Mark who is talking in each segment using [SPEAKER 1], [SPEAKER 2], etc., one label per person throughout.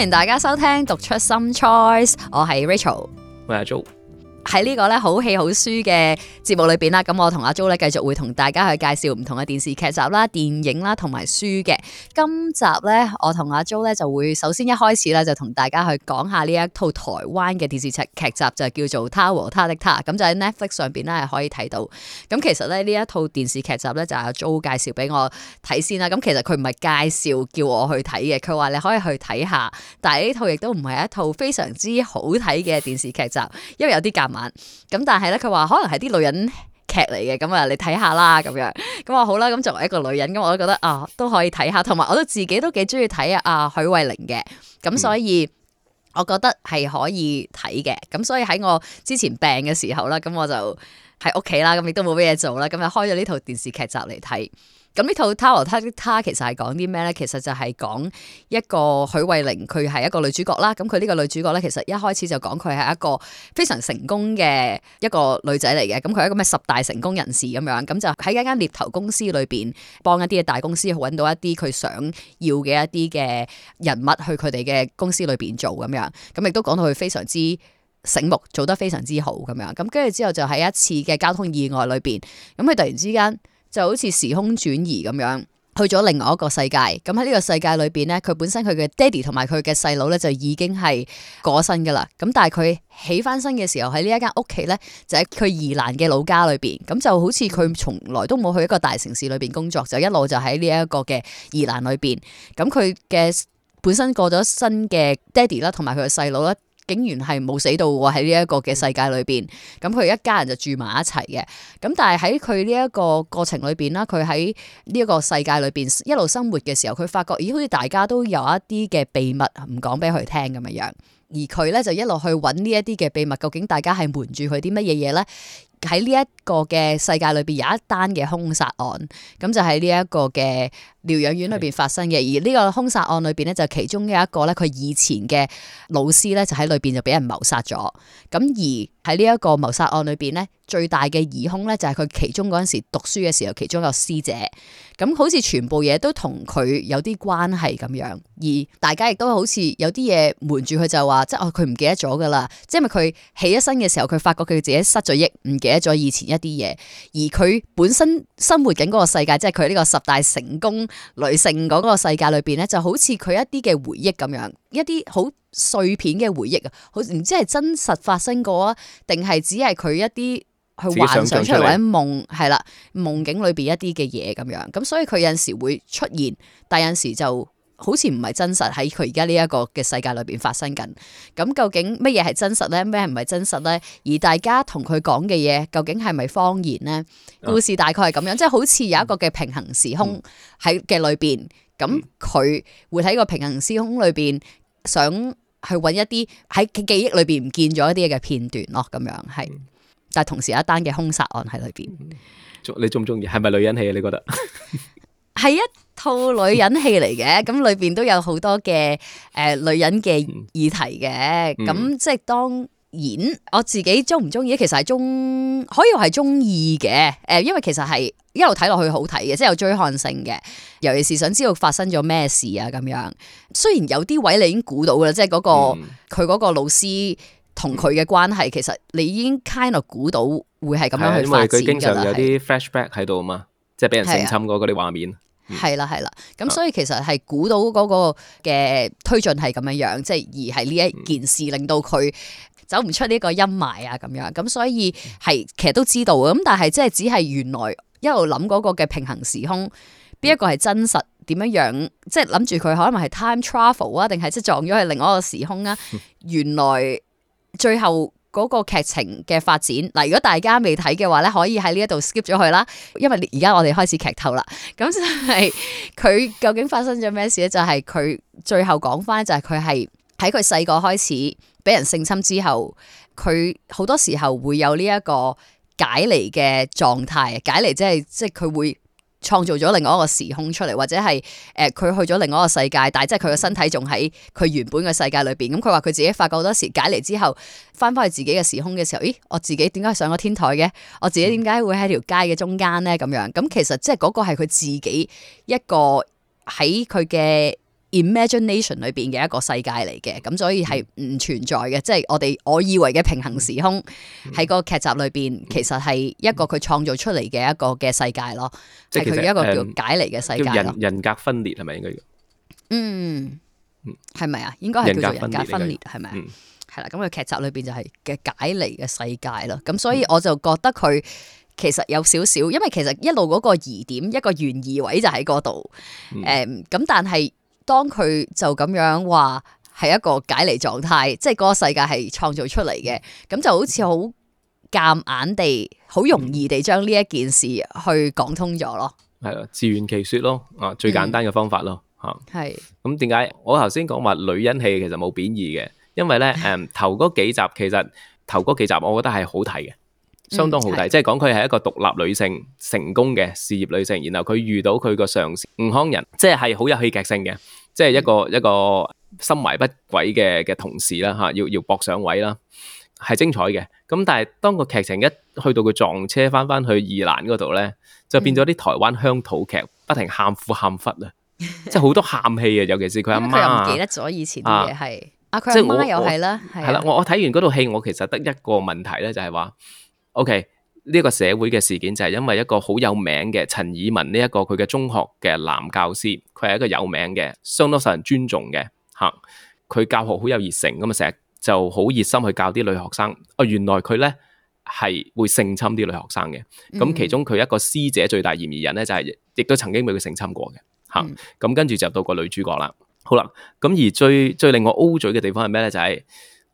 [SPEAKER 1] 歡迎大家收聽讀出 Some Choice，我係 Rachel，我係阿 Jo。喺呢個咧好戲好書嘅節目裏邊啦，咁我同阿 Joe 咧繼續會同大家去介紹唔同嘅電視劇集啦、電影啦同埋書嘅。今集咧，我同阿 Joe 咧就會首先一開始咧就同大家去講下呢一套台灣嘅電視劇劇集就叫做《她和她的她》，咁就喺 Netflix 上邊咧係可以睇到。咁其實咧呢一套電視劇集咧就阿 Joe 介紹俾我睇先啦。咁其實佢唔係介紹叫我去睇嘅，佢話你可以去睇下，但係呢套亦都唔係一套非常之好睇嘅電視劇集，因為有啲晚咁，但係咧，佢話可能係啲女人劇嚟嘅，咁、嗯、啊，你睇下啦，咁樣咁啊、嗯，好啦，咁作為一個女人，咁我都覺得啊，都可以睇下，同埋我都自己都幾中意睇阿許慧玲嘅，咁、嗯、所以我覺得係可以睇嘅，咁所以喺我之前病嘅時候啦，咁我就喺屋企啦，咁亦都冇咩嘢做啦，咁就開咗呢套電視劇集嚟睇。咁呢套《她和她的她》其實係講啲咩咧？其實就係講一個許慧玲，佢係一個女主角啦。咁佢呢個女主角咧，其實一開始就講佢係一個非常成功嘅一個女仔嚟嘅。咁佢係一個咩十大成功人士咁樣。咁就喺一間獵頭公司裏邊，幫一啲嘅大公司搵到一啲佢想要嘅一啲嘅人物去佢哋嘅公司裏邊做咁樣。咁亦都講到佢非常之醒目，做得非常之好咁樣。咁跟住之後就喺一次嘅交通意外裏邊，咁佢突然之間。就好似時空轉移咁樣去咗另外一個世界。咁喺呢個世界裏邊呢，佢本身佢嘅爹哋同埋佢嘅細佬呢，就已經係過身噶啦。咁但係佢起翻身嘅時候，喺呢一間屋企呢，就喺佢宜蘭嘅老家裏邊。咁就好似佢從來都冇去一個大城市裏邊工作，就一路就喺呢一個嘅宜蘭裏邊。咁佢嘅本身過咗身嘅爹哋啦，同埋佢嘅細佬啦。竟然係冇死到喎，喺呢一個嘅世界裏邊，咁佢一家人就住埋一齊嘅。咁但係喺佢呢一個過程裏邊啦，佢喺呢一個世界裏邊一路生活嘅時候，佢發覺咦，好似大家都有一啲嘅秘密唔講俾佢聽咁樣，而佢咧就一路去揾呢一啲嘅秘密，究竟大家係瞞住佢啲乜嘢嘢咧？喺呢一個嘅世界裏邊有一單嘅兇殺案，咁就喺呢一個嘅。療養院裏邊發生嘅，而呢個兇殺案裏邊呢，就其中有一個呢，佢以前嘅老師呢，就喺裏邊就俾人謀殺咗。咁而喺呢一個謀殺案裏邊呢，最大嘅疑兇呢，就係佢其中嗰陣時讀書嘅時候，其中一個師姐。咁好似全部嘢都同佢有啲關係咁樣。而大家亦都好似有啲嘢瞞住佢，就話即係佢唔記得咗噶啦，即係咪佢起咗身嘅時候，佢發覺佢自己失咗憶，唔記得咗以前一啲嘢。而佢本身生活緊嗰個世界，即係佢呢個十大成功女性嗰個世界裏邊咧，就好似佢一啲嘅回憶咁樣，一啲好碎片嘅回憶啊，好唔知係真實發生過啊，定係只係佢一啲去幻想出嚟或者夢係啦，夢境裏邊一啲嘅嘢咁樣，咁所以佢有陣時會出現，但有陣時就。好似唔係真實喺佢而家呢一個嘅世界裏邊發生緊，咁究竟乜嘢係真實咧？咩唔係真實咧？而大家同佢講嘅嘢，究竟係咪謊言咧？故事大概係咁樣，啊、即係好似有一個嘅平行時空喺嘅裏邊，咁佢、嗯嗯、會喺個平行時空裏邊想去揾一啲喺記憶裏邊唔見咗一啲嘅片段咯，咁樣係。嗯、但係同時有一單嘅兇殺案喺裏邊。
[SPEAKER 2] 你中唔中意？係咪女人戲啊？你覺得
[SPEAKER 1] 係啊？ 套女人戲嚟嘅，咁裏邊都有好多嘅誒、呃、女人嘅議題嘅，咁、嗯、即係當然我自己中唔中意其實係中，可以話係中意嘅。誒、呃，因為其實係一路睇落去好睇嘅，即係有追看性嘅。尤其是想知道發生咗咩事啊咁樣。雖然有啲位你已經估到啦，即係嗰、嗰個佢嗰、嗯、個老師同佢嘅關係，其實你已經 kind of 估到會係咁樣去發展㗎啦。因為佢經常有啲
[SPEAKER 2] flashback 喺度啊嘛，對即係俾人性侵嗰嗰啲畫面。係
[SPEAKER 1] 啦，係啦，咁所以其實係估到嗰個嘅推進係咁樣樣，即係而係呢一件事令到佢走唔出呢個陰霾啊，咁樣咁所以係其實都知道嘅，咁但係即係只係原來一路諗嗰個嘅平行時空，邊一個係真實點樣樣，即係諗住佢可能係 time travel 啊，定係即係撞咗喺另外一個時空啊，原來最後。嗰個劇情嘅發展嗱，如果大家未睇嘅話咧，可以喺呢一度 skip 咗佢啦，因為而家我哋開始劇透啦。咁就係佢究竟發生咗咩事咧？就係佢最後講翻，就係佢係喺佢細個開始俾人性侵之後，佢好多時候會有呢一個解離嘅狀態。解離即係即係佢會。創造咗另外一個時空出嚟，或者係誒佢去咗另外一個世界，但係即係佢個身體仲喺佢原本嘅世界裏邊。咁佢話佢自己發覺好多時解離之後，翻返去自己嘅時空嘅時候，咦，我自己點解上咗天台嘅？我自己點解會喺條街嘅中間呢？咁樣咁、嗯、其實即係嗰個係佢自己一個喺佢嘅。Imagination 裏邊嘅一個世界嚟嘅，咁所以係唔存在嘅，即係、嗯、我哋我以為嘅平行時空喺、嗯、個劇集裏邊，其實係一個佢創造出嚟嘅一個嘅世界咯，即係佢嘅一個叫解離嘅世界咯、嗯。
[SPEAKER 2] 人格分裂係咪應該要？嗯
[SPEAKER 1] 嗯，係咪啊？應該係叫做人格分裂係咪？係啦，咁、嗯、個劇集裏邊就係嘅解離嘅世界咯。咁所以我就覺得佢其實有少少，嗯、因為其實一路嗰個疑點一個懸疑位就喺嗰度，誒、嗯，咁、嗯、但係。當佢就咁樣話係一個解離狀態，即係嗰個世界係創造出嚟嘅，咁就好似好夾硬地，好容易地將呢一件事去講通咗咯。
[SPEAKER 2] 係啊，自圓其説咯，啊，最簡單嘅方法咯嚇。係咁點解我頭先講話女人戲其實冇貶義嘅，因為咧誒頭嗰幾集其實頭嗰幾集，我覺得係好睇嘅，
[SPEAKER 1] 相當好睇，
[SPEAKER 2] 即係講佢係一個獨立女性成功嘅事業女性，然後佢遇到佢個上司吳康人，即係係好有戲劇性嘅。即係一個一個心懷不軌嘅嘅同事啦，吓、啊、要要搏上位啦，係精彩嘅。咁但係當個劇情一去到佢撞車翻翻去宜蘭嗰度咧，就變咗啲台灣鄉土劇，不停喊苦喊忽啊！即係好多喊戲啊！尤其是佢阿媽，唔 記得咗以前啲嘢。係
[SPEAKER 1] 啊，佢阿媽又係啦，係啦我我。
[SPEAKER 2] 我我睇完嗰套戲，我其實得一個問題咧，就係話，O K。Okay, 呢一個社會嘅事件就係因為一個好有名嘅陳以文呢、這、一個佢嘅中學嘅男教師，佢係一個有名嘅，相當受人尊重嘅吓。佢教學好有熱誠，咁啊成日就好熱心去教啲女學生。啊、哦，原來佢咧係會性侵啲女學生嘅。咁、嗯、其中佢一個師姐最大嫌疑人咧就係、是、亦都曾經俾佢性侵過嘅吓。咁、嗯嗯、跟住就到個女主角啦。好啦，咁而最最令我 O 嘴嘅地方係咩咧？就係、是。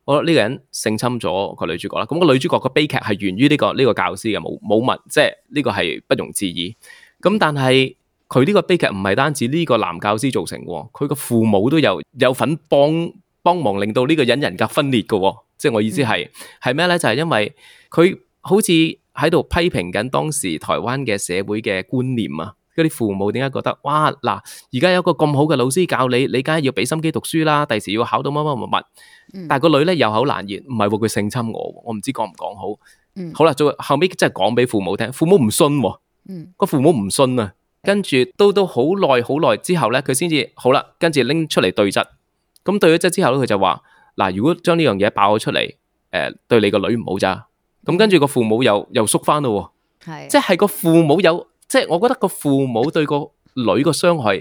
[SPEAKER 2] 我呢個人性侵咗個女主角啦，咁個女主角個悲劇係源於呢、這個呢、這個教師嘅冇冇問，即係呢個係不容置疑。咁但係佢呢個悲劇唔係單止呢個男教師造成嘅，佢個父母都有有份幫幫忙令到呢個人人格分裂嘅，即係我意思係係咩咧？就係、是、因為佢好似喺度批評緊當時台灣嘅社會嘅觀念啊！嗰啲父母點解覺得哇嗱？而家有個咁好嘅老師教你，你梗係要俾心機讀書啦。第時要考到乜乜乜乜。但係個女咧又好難言，唔係喎，佢性侵我，我唔知講唔講好。嗯、好啦，最後尾真係講俾父母聽，父母唔信。嗯，個父母唔信啊，跟住都都好耐好耐之後咧，佢先至好啦，跟住拎出嚟對質。咁對咗質之後咧，佢就話嗱，如果將呢樣嘢爆咗出嚟，誒、呃，對你個女唔好咋？咁跟住個父母又又縮翻咯。即係的個父母有。即係我覺得個父母對個女個傷害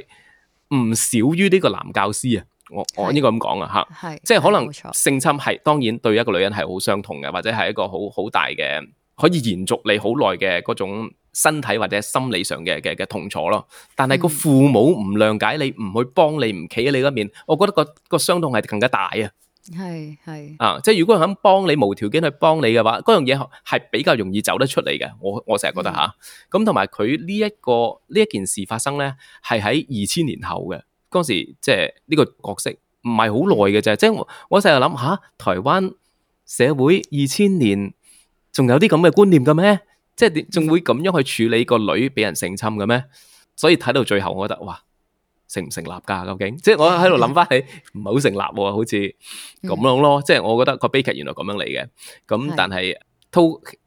[SPEAKER 2] 唔少於呢個男教師啊，我是我應該咁講啊吓，是即係可能性侵係當然對一個女人係好傷痛嘅，或者係一個好好大嘅可以延續你好耐嘅嗰種身體或者心理上嘅嘅嘅痛楚咯。但係個父母唔諒解你，唔去幫你，唔企喺你嗰面，我覺得個個傷痛係更加大啊。係係啊，即係如果人肯幫你，無條件去幫你嘅話，嗰樣嘢係比較容易走得出嚟嘅。我我成日覺得吓，咁同埋佢呢一個呢一件事發生咧，係喺二千年後嘅當時，即係呢個角色唔係好耐嘅啫。即係我我成日諗吓，台灣社會二千年仲有啲咁嘅觀念嘅咩？即係仲會咁樣去處理個女俾人性侵嘅咩？所以睇到最後，我覺得哇！成唔成立噶？究竟即係我喺度諗翻起，唔係好成立，好似咁樣咯。即係、嗯、我覺得個悲劇原來咁樣嚟嘅。咁但係，套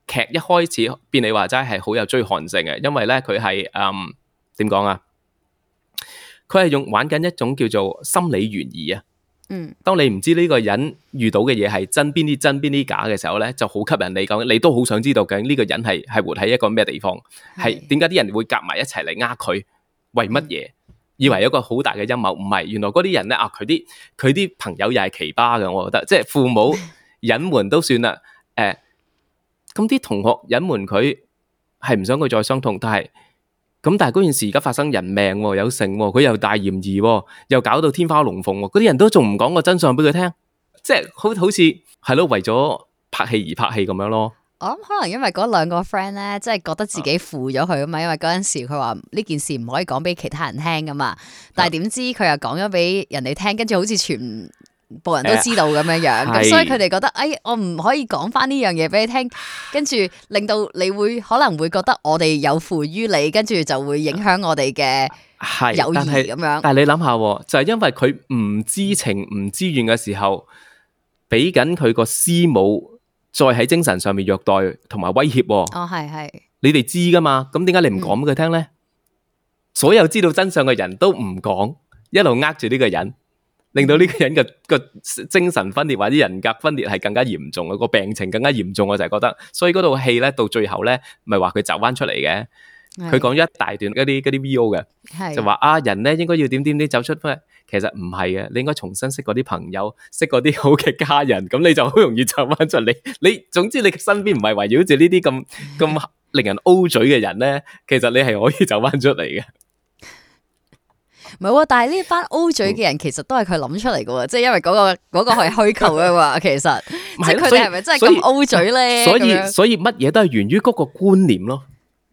[SPEAKER 2] 劇一開始，變你話齋係好有追韓性嘅，因為咧佢係，嗯，點講啊？佢係用玩緊一種叫做心理懸疑啊。嗯。當你唔知呢個人遇到嘅嘢係真邊啲真邊啲假嘅時候咧，就好吸引你講，你都好想知道究竟呢個人係係活喺一個咩地方？係點解啲人會夾埋一齊嚟呃佢？為乜嘢？嗯以為有一個好大嘅陰謀，唔係，原來嗰啲人咧，啊，佢啲佢啲朋友又係奇葩嘅，我覺得，即係父母隱瞞都算啦，誒，咁啲同學隱瞞佢係唔想佢再傷痛，但係咁，但係嗰件事而家發生人命、哦，有成、哦，佢又大嫌疑、哦，又搞到天花龍鳳、哦，嗰啲人都仲唔講個真相畀佢聽，即係好好似係咯，為咗拍戲而拍戲咁樣咯。
[SPEAKER 1] 我諗可能因為嗰兩個 friend 咧，即係覺得自己負咗佢啊嘛，因為嗰陣時佢話呢件事唔可以講俾其他人聽噶嘛，但係點知佢又講咗俾人哋聽，跟住好似全部人都知道咁樣樣，咁所以佢哋覺得誒、哎，我唔可以講翻呢樣嘢俾你聽，跟住令到你會可能會覺得我哋有負於你，跟住就會影響我哋嘅
[SPEAKER 2] 係友誼咁樣。但係你諗下，就係、是、因為佢唔知情唔知願嘅時候，俾緊佢個師母。再喺精神上面虐待同埋威脅、哦，哦係係，是是你哋知噶嘛？咁點解你唔講俾佢聽咧？嗯、所有知道真相嘅人都唔講，一路呃住呢個人，令到呢個人嘅個精神分裂或者人格分裂係更加嚴重啊！個病情更加嚴重，我就係覺得，所以嗰套戲咧到最後咧，咪話佢走翻出嚟嘅，佢講咗一大段嗰啲嗰啲 V.O. 嘅，的就話啊人咧應該要點點點走出其實唔係嘅，你應該重新識嗰啲朋友，識嗰啲好嘅家人，咁你就好容易走翻出嚟。你總之你嘅身邊唔係圍繞住呢啲咁咁令人 O 嘴嘅人咧，其實你係可以走翻出嚟
[SPEAKER 1] 嘅。唔係，但係呢班 O 嘴嘅人其實都係佢諗出嚟嘅，即係因為嗰個嗰個係虛構嘅，其實即係佢哋係咪真係咁 O 嘴咧？所以所
[SPEAKER 2] 以乜嘢都係源於嗰個觀念咯。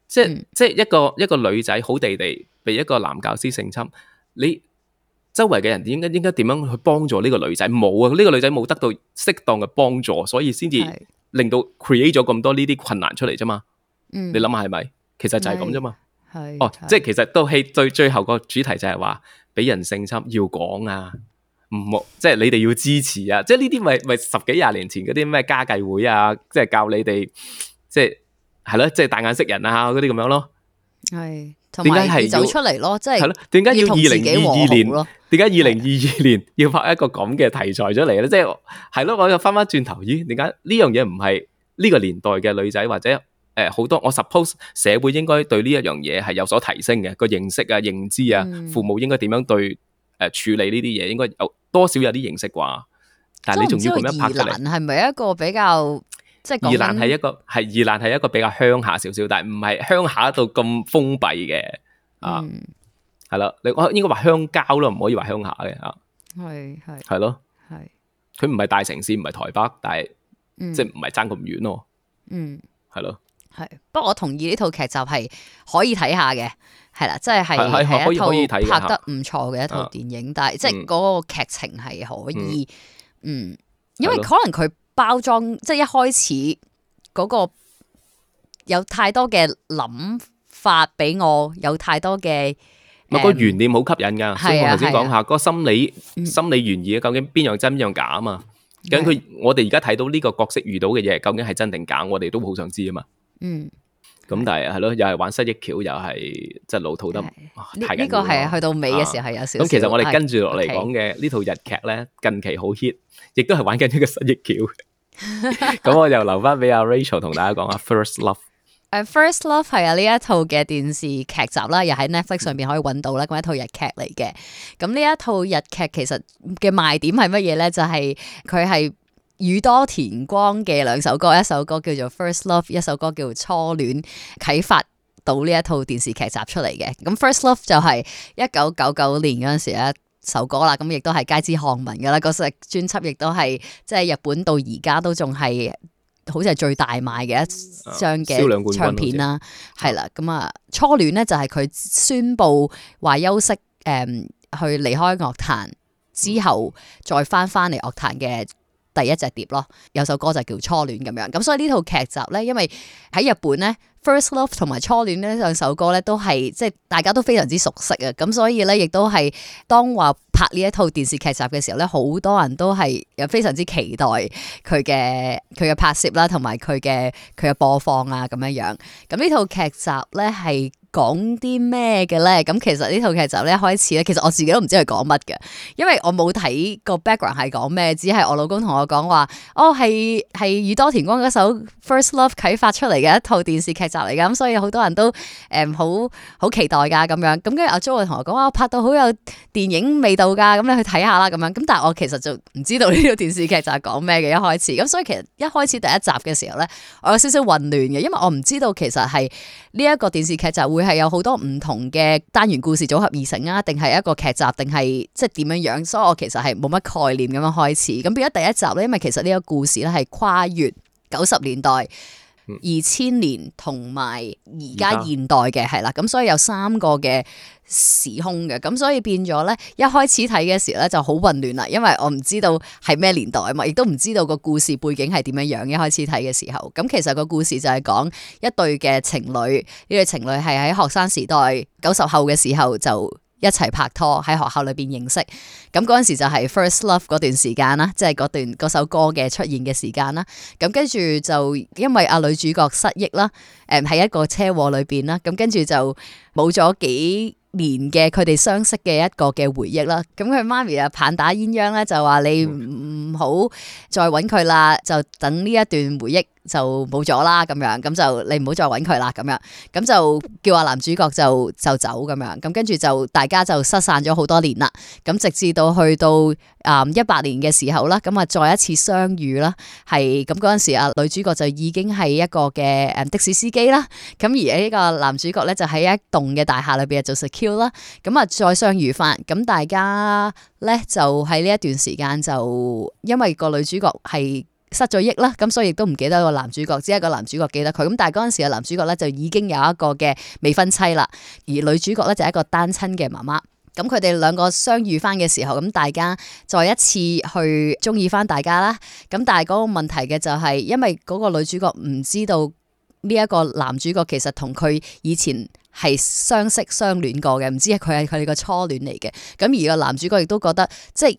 [SPEAKER 2] 即係即係一個一個女仔好地地被一個男教師性侵，你。周圍嘅人應該應該點樣去幫助呢個女仔？冇啊，呢、這個女仔冇得到適當嘅幫助，所以先至是令到 create 咗咁多呢啲困難出嚟啫嘛。嗯，你諗下係咪？其實就係咁啫嘛。係哦，即係其實都係最最後個主題就係話俾人性侵要講啊，唔好即係你哋要支持啊，即係呢啲咪咪十幾廿年前嗰啲咩家計會啊，即係教你哋即係係咯，即係、就是、大眼識人啊嗰啲咁樣咯。
[SPEAKER 1] 係，同埋要走出嚟咯，即係。係咯，點解要二零二二年
[SPEAKER 2] 咯？點解二零二二年要拍一個咁嘅題材出嚟咧？即係對，係咯，我又翻翻轉頭，咦？點解呢樣嘢唔係呢個年代嘅女仔或者誒好、呃、多？我 suppose 社會應該對呢一樣嘢係有所提升嘅 個認識啊、認知啊，父母應該點樣對誒、呃、處理呢啲嘢，應該有多少有啲認識啩？但係你仲、嗯、即要咁樣拍出嚟，
[SPEAKER 1] 係咪一個比較？即係宜蘭係一
[SPEAKER 2] 個係宜蘭係一個比較鄉下少少，但係唔係鄉下度咁封閉嘅啊，係啦、嗯，你我應該話鄉郊咯，唔可以話鄉下嘅啊，係係係咯，係佢唔係大城市，唔係台北，但係即係唔係爭咁遠咯，嗯，係咯，
[SPEAKER 1] 係、嗯、的不過我同意呢套劇集係可以睇下嘅，係啦，即係係係一套拍得唔錯嘅一套電影，嗯、但係即係嗰個劇情係可以，嗯，嗯，因為可能佢。包裝即係一開始嗰、那個有太多嘅諗法俾我，有太多嘅，
[SPEAKER 2] 咪、嗯、個懸念好吸引噶。啊、所以我頭先講下、啊、個心理、嗯、心理懸疑啊，究竟邊樣真邊樣假啊嘛？咁佢我哋而家睇到呢個角色遇到嘅嘢，究竟係真定假？我哋都好想知啊嘛。嗯。咁但係係咯，又係玩失憶橋，又係即係老土得，
[SPEAKER 1] 呢個係啊，去到尾嘅時候係有少少。咁其實我哋跟住落嚟講
[SPEAKER 2] 嘅呢套日劇咧，近期好 hit，亦都係玩緊一個失憶橋。咁我就留翻俾阿 Rachel 同大家講啊，First Love。
[SPEAKER 1] 誒，First Love 係啊呢一套嘅電視劇集啦，又喺 Netflix 上邊可以揾到啦。咁一套日劇嚟嘅。咁呢一套日劇其實嘅賣點係乜嘢咧？就係佢係。宇多田光嘅兩首歌，一首歌叫做《First Love》，一首歌叫做《初戀》，啟發到呢一套電視劇集出嚟嘅。咁《First Love》就係、是、一九九九年嗰陣時一首歌啦，咁亦都係街知巷聞噶啦。嗰隻專輯亦都係即係日本到而家都仲係，好似係最大賣嘅一張嘅唱片啦。係啦，咁啊《的像初戀》呢就係佢宣布話休息，誒、嗯、去離開樂壇之後再、嗯，再翻翻嚟樂壇嘅。第一隻碟咯，有首歌就叫《初戀》咁樣，咁所以呢套劇集呢，因為喺日本呢《First Love》同埋《初戀》呢兩首歌呢，都係即係大家都非常之熟悉啊，咁所以呢，亦都係當話拍呢一套電視劇集嘅時候呢，好多人都係又非常之期待佢嘅佢嘅拍攝啦，同埋佢嘅佢嘅播放啊咁樣樣，咁呢套劇集呢係，講啲咩嘅咧？咁其實呢套劇集咧一開始咧，其實我自己都唔知佢講乜嘅，因為我冇睇個 background 係講咩，只係我老公同我講話，哦，係係宇多田光嗰首 First Love 啟發出嚟嘅一套電視劇集嚟嘅，咁所以好多人都誒好好期待噶，咁樣，咁跟住阿 Jo 同我講話，我拍到好有電影味道噶，咁你去睇下啦，咁樣，咁但係我其實就唔知道呢套電視劇就係講咩嘅一開始，咁所以其實一開始第一集嘅時候咧，我有少少混亂嘅，因為我唔知道其實係呢一個電視劇集會。係有好多唔同嘅單元故事組合而成啊，定係一個劇集，定係即係點樣樣？所以我其實係冇乜概念咁樣開始。咁變咗第一集呢，因為其實呢個故事咧係跨越九十年代。二千年同埋而家現代嘅係啦，咁在所以有三個嘅時空嘅，咁所以變咗呢，一開始睇嘅時候呢就好混亂啦，因為我唔知道係咩年代嘛，亦都唔知道個故事背景係點樣樣。一開始睇嘅時候，咁其實個故事就係講一對嘅情侶，呢對情侶係喺學生時代、九十後嘅時候就，一齊拍拖喺學校裏邊認識，咁嗰陣時就係、是、First Love 嗰段時間啦，即係嗰段嗰首歌嘅出現嘅時間啦。咁跟住就因為阿女主角失憶啦，誒喺一個車禍裏邊啦，咁跟住就冇咗幾。年嘅佢哋相識嘅一個嘅回憶啦，咁佢媽咪啊棒打鴛鴦咧就話你唔好再揾佢啦，就等呢一段回憶就冇咗啦咁樣，咁就你唔好再揾佢啦咁樣，咁就叫啊男主角就就走咁樣，咁跟住就大家就失散咗好多年啦，咁直至到去到。啊！一八、uh, 年嘅時候啦，咁啊，再一次相遇啦，係咁嗰陣時啊，女主角就已經係一個嘅誒的士司機啦，咁而呢個男主角咧就喺一棟嘅大廈裏邊做 secure 啦，咁啊再相遇返，咁大家咧就喺呢一段時間就因為個女主角係失咗憶啦，咁所以都唔記得個男主角，只係個男主角記得佢，咁但係嗰陣時嘅男主角咧就已經有一個嘅未婚妻啦，而女主角咧就係一個單親嘅媽媽。咁佢哋兩個相遇翻嘅時候，咁大家再一次去中意翻大家啦。咁但係嗰個問題嘅就係，因為嗰個女主角唔知道呢一個男主角其實同佢以前係相識相戀過嘅，唔知佢係佢哋個初戀嚟嘅。咁而個男主角亦都覺得，即係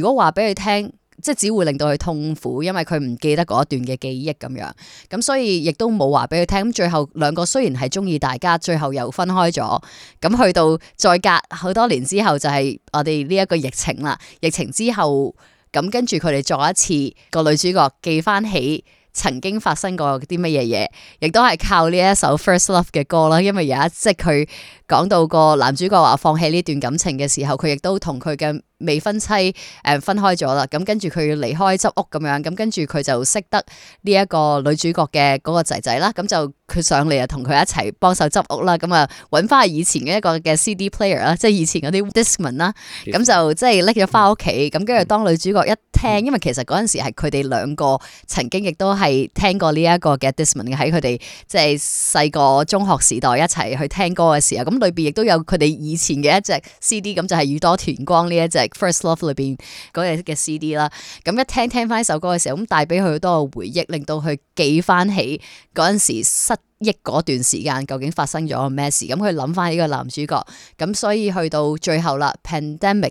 [SPEAKER 1] 如果話俾佢聽。即係只會令到佢痛苦，因為佢唔記得嗰一段嘅記憶咁樣，咁所以亦都冇話俾佢聽。咁最後兩個雖然係中意大家，最後又分開咗。咁去到再隔好多年之後，就係我哋呢一個疫情啦。疫情之後，咁跟住佢哋再一次個女主角記翻起曾經發生過啲乜嘢嘢，亦都係靠呢一首 First Love 嘅歌啦。因為有一即係佢。講到個男主角話放棄呢段感情嘅時候，佢亦都同佢嘅未婚妻誒分開咗啦。咁跟住佢要離開執屋咁樣，咁跟住佢就識得呢一個女主角嘅嗰個仔仔啦。咁就佢上嚟啊，同佢一齊幫手執屋啦。咁啊，揾翻以前嘅一個嘅 CD player 啦，即係以前嗰啲 Discman 啦。咁就即係拎咗翻屋企。咁跟住當女主角一聽，因為其實嗰陣時係佢哋兩個曾經亦都係聽過呢一個嘅 Discman 嘅，喺佢哋即係細個中學時代一齊去聽歌嘅時候咁。裏邊亦都有佢哋以前嘅一隻 CD，咁就係、是、宇多田光呢一隻 First Love 裏邊嗰隻嘅 CD 啦。咁一聽聽翻呢首歌嘅時候，咁帶俾佢好多個回憶，令到佢記翻起嗰陣時失憶嗰段時間究竟發生咗咩事。咁佢諗翻呢個男主角，咁所以去到最後啦，Pandemic。Pand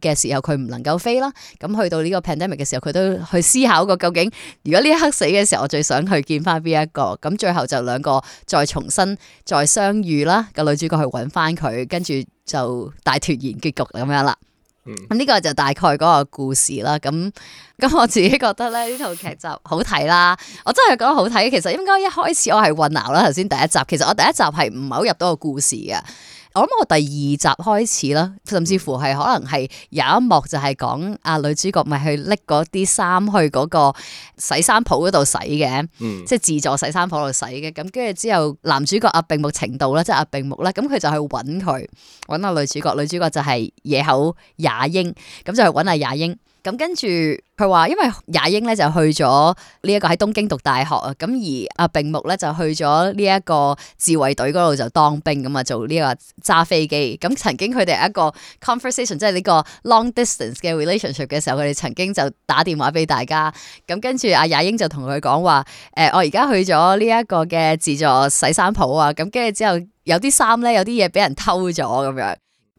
[SPEAKER 1] 嘅時候佢唔能夠飛啦，咁去到呢個 pandemic 嘅時候佢都去思考過，究竟如果呢一刻死嘅時候我最想去見翻邊一個，咁最後就兩個再重新再相遇啦，個女主角去揾翻佢，跟住就大團圓結局咁樣啦。咁呢、嗯、個就大概嗰個故事啦。咁咁我自己覺得咧，呢套劇集好睇啦，我真係覺得好睇。其實應該一開始我係混淆啦，頭先第一集其實我第一集係唔係好入到個故事嘅。我諗我第二集開始啦，甚至乎係可能係有一幕就係講阿女主角咪去拎嗰啲衫去嗰個洗衫鋪嗰度洗嘅，嗯、即係自助洗衫鋪度洗嘅。咁跟住之後，男主角阿並木晴道啦，即係阿並木啦，咁佢就去揾佢，揾阿女主角，女主角就係野口雅英，咁就去揾阿雅英。咁跟住佢話，因為雅英咧就去咗呢一個喺東京讀大學啊，咁而阿並木咧就去咗呢一個自衛隊嗰度就當兵咁啊、嗯，做呢、這個嗯、一個揸飛機。咁曾經佢哋係一個 conversation，即係呢個 long distance 嘅 relationship 嘅時候，佢哋曾經就打電話俾大家。咁、嗯、跟住阿雅英就同佢講話，誒、哎，我而家去咗呢一個嘅自助洗衫鋪啊，咁跟住之後有啲衫咧，有啲嘢俾人偷咗咁樣。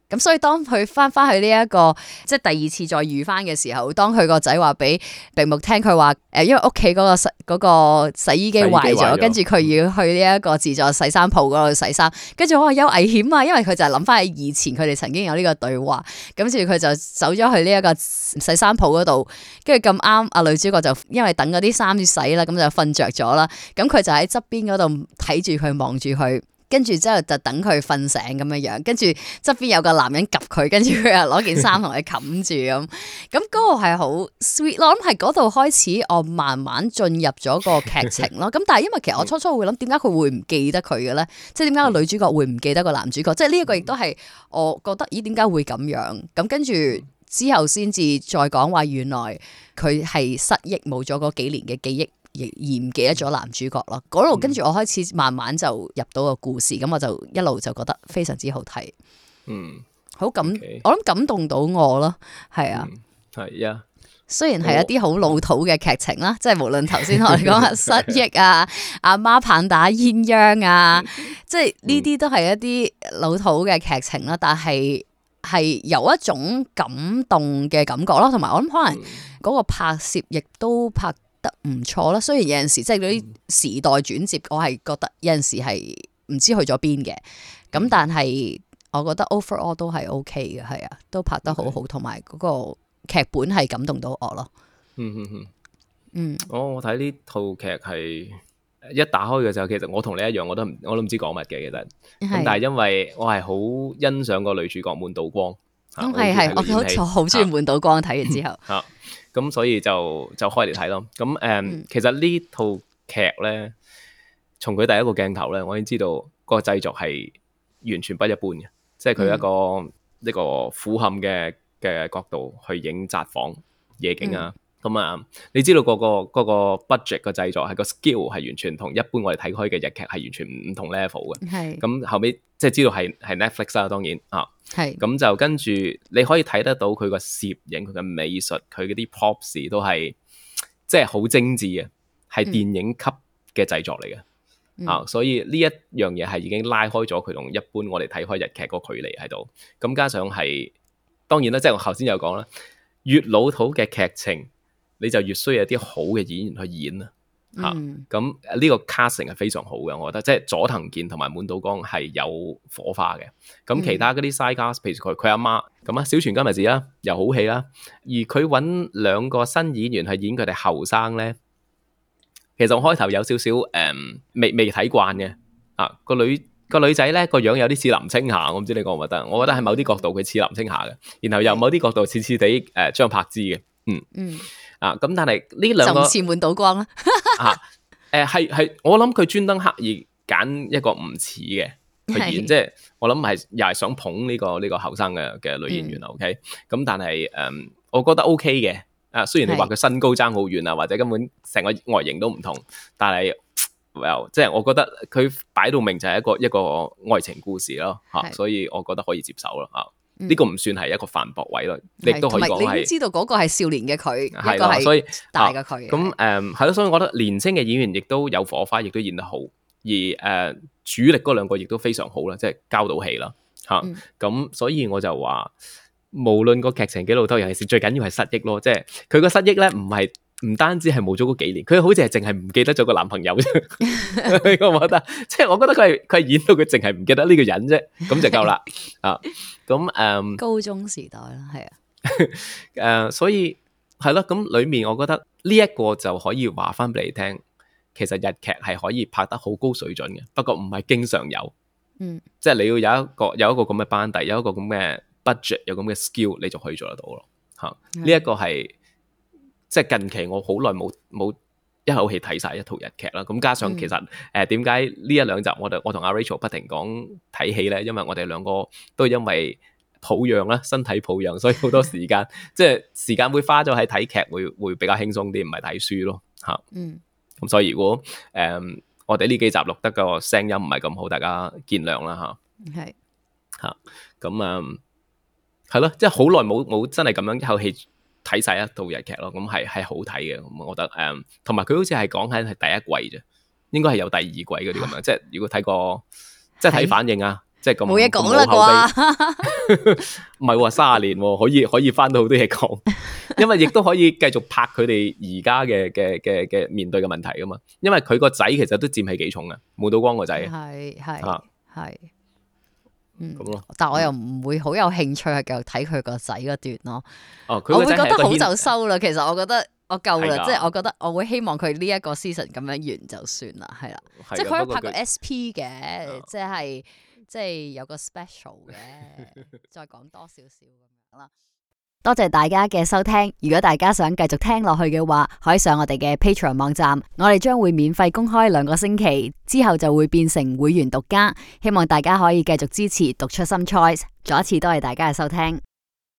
[SPEAKER 1] 咁、嗯、所以當佢翻翻去呢、這、一個即係第二次再遇翻嘅時候，當佢個仔話俾屏幕聽，佢話誒，因為屋企嗰個洗衣機壞咗，跟住佢要去呢一個自助洗衫鋪嗰度洗衫，跟住我話有危險啊，因為佢就係諗翻起以前佢哋曾經有呢個對話，跟住佢就走咗去呢一個洗衫鋪嗰度，跟住咁啱阿女主角就因為等嗰啲衫要洗啦，咁就瞓着咗啦，咁佢就喺側邊嗰度睇住佢，望住佢。跟住之後就等佢瞓醒咁樣樣，跟住側邊有個男人及佢，跟住佢又攞件衫同佢冚住咁。咁嗰個係好 sweet，我諗係嗰度開始，我慢慢進入咗個劇情咯。咁但係因為其實我初初會諗，點解佢會唔記得佢嘅咧？即係點解個女主角會唔記得個男主角？即係呢一個亦都係我覺得，咦，點解會咁樣？咁跟住之後先至再講話，原來佢係失憶，冇咗嗰幾年嘅記憶。亦唔記得咗男主角咯，嗰度跟住我開始慢慢就入到個故事，咁、嗯、我就一路就覺得非常之好睇。嗯，好感，okay. 我諗感動到我咯，係啊，
[SPEAKER 2] 係啊、嗯。
[SPEAKER 1] 雖然係一啲好老土嘅劇情啦，嗯、即係無論頭先我哋講下失憶啊，阿媽棒打鴛鴦啊，鴨鴨啊嗯、即係呢啲都係一啲老土嘅劇情啦，但係係有一種感動嘅感覺咯，同埋我諗可能嗰個拍攝亦都拍，得唔錯咯，雖然有陣時即係嗰啲時代轉接，我係覺得有陣時係唔知去咗邊嘅，咁但係我覺得 overall 都係 OK 嘅，係啊，都拍得好好，同埋嗰個劇本係感動到我咯。嗯嗯嗯，
[SPEAKER 2] 嗯，我我睇呢套劇係一打開嘅時候，其實我同你一樣，我都唔，我都唔知講乜嘅，其實，的但係因為我係好欣賞個女主角滿島光，係係的，我好好
[SPEAKER 1] 中意滿島光，睇完 之後。
[SPEAKER 2] 咁所以就就開嚟睇咯。咁誒，嗯、其實呢套劇咧，從佢第一個鏡頭咧，我已經知道個製作係完全不一般嘅，即係佢一個呢、嗯、個俯瞰嘅嘅角度去影窄房夜景啊。嗯咁啊，你知道嗰、嗰個、嗰個 budget、嗰個製作係個 skill 係完全同一般我哋睇開嘅日劇係完全唔同 level 嘅。係咁是、嗯、後尾即係知道係係 Netflix 啦，當然啊。係咁就跟住你可以睇得到佢個攝影、佢嘅美術、佢嗰啲 props 都係即係好精緻嘅，係電影級嘅製作嚟嘅。啊、嗯，所以呢一樣嘢係已經拉開咗佢同一般我哋睇開日劇個距離喺度。咁加上係當然啦，即係我頭先有講啦，越老土嘅劇情。你就越需要啲好嘅演員去演，嗯、啊！嚇，咁呢個 casting 係非常好嘅，我覺得即係佐藤健同埋滿島光係有火花嘅。咁、啊、其他嗰啲 side cast 譬如佢佢阿媽，咁、嗯、啊，小泉今日子啦，又好戲啦。而佢揾兩個新演員去演佢哋後生咧，其實我開頭有少少誒，未未睇慣嘅啊，個女個女仔咧個樣有啲似林青霞，我唔知你覺唔覺得。我覺得喺某啲角度佢似林青霞嘅，然後由某啲角度似似地誒張柏芝嘅，嗯嗯。嗯啊，咁但係呢兩個就唔似
[SPEAKER 1] 滿島光啦、
[SPEAKER 2] 啊。吓、 啊，誒係係，我諗佢專登刻意揀一個唔似嘅去演，即係是、就是、我諗係又係想捧呢、這個呢、這個後生嘅嘅女演員、嗯、OK，咁、嗯、但係誒、嗯，我覺得 OK 嘅。啊，雖然你話佢身高爭好遠啊，是或者根本成個外形都唔同，但係，Well，即係我覺得佢擺到明就係一個一個愛情故事咯。吓是，是所以我覺得可以接受咯。吓。呢個唔算係一個犯駁位咯，你都可以講，你都知
[SPEAKER 1] 道嗰個係少年嘅佢，的一個係大嘅佢。咁
[SPEAKER 2] 誒，係咯、um,，所以我覺得年輕嘅演員亦都有火花，亦都演得好。而誒、uh, 主力嗰兩個亦都非常好啦，即係交到戲啦。吓、嗯啊，咁所以我就話，無論個劇情幾老套，尤其是最緊要係失憶咯，即係佢個失憶咧唔係。唔單止係冇咗嗰幾年，佢好似係淨係唔記得咗個男朋友啫，我覺得，即係我覺得佢係佢係演到佢淨係唔記得呢個人啫，咁就夠啦 啊，咁、嗯、誒，高
[SPEAKER 1] 中時代啦，係
[SPEAKER 2] 啊，誒、啊，所以係咯，咁、嗯嗯、裏面我覺得呢一、這個就可以話翻俾你聽，其實日劇係可以拍得好高水準嘅，不過唔係經常有，嗯，即係你要有一個有一個咁嘅班底，有一個咁嘅 budget，有咁嘅 skill，你就可以做得到咯，吓、啊，呢一是個係。即係近期我好耐冇冇一口氣睇晒一套日劇啦，咁加上其實誒，點解呢一兩集我哋我同阿 Rachel 不停講睇戲咧？因為我哋兩個都因為抱恙啦，身體抱恙，所以好多時間 即係時間會花咗喺睇劇，會會比較輕鬆啲，唔係睇書咯吓。嗯、啊。咁所以如果誒、呃、我哋呢幾集錄得個聲音唔係咁好，大家見諒啦吓。係。吓咁啊，係咯是、啊嗯，即係好耐冇冇真係咁樣一口氣。睇晒一套日劇咯，咁係係好睇嘅，咁我覺得，誒、嗯，同埋佢好似係講緊係第一季啫，應該係有第二季嗰啲咁樣，即係如果睇過，即係睇反應啊，即係咁，冇嘢講啦啩，唔係話三十年可以可以翻到好多嘢講，因為亦都可以繼續拍佢哋而家嘅嘅嘅嘅面對嘅問題噶嘛，因為佢個仔其實都佔係幾重啊，冇到光個仔係
[SPEAKER 1] 係係。嗯，但我又唔會好有興趣去繼續睇佢個仔嗰段咯。
[SPEAKER 2] 哦，我會覺得好就
[SPEAKER 1] 收啦。 其實我覺得我夠啦，的即係我覺得我會希望佢呢一個 season 咁樣完就算啦，係啦，的即係佢可以拍個 SP 嘅，的即係即係有個 special 嘅， 再講多少少咁樣啦。多謝大家嘅收聽，如果大家想繼續聽落去嘅話，可以上我哋嘅 Patreon 網站，我哋將會免費公開兩個星期，之後就會變成會員獨家。希望大家可以繼續支持讀 Some Choice，再一次多謝大家嘅收聽。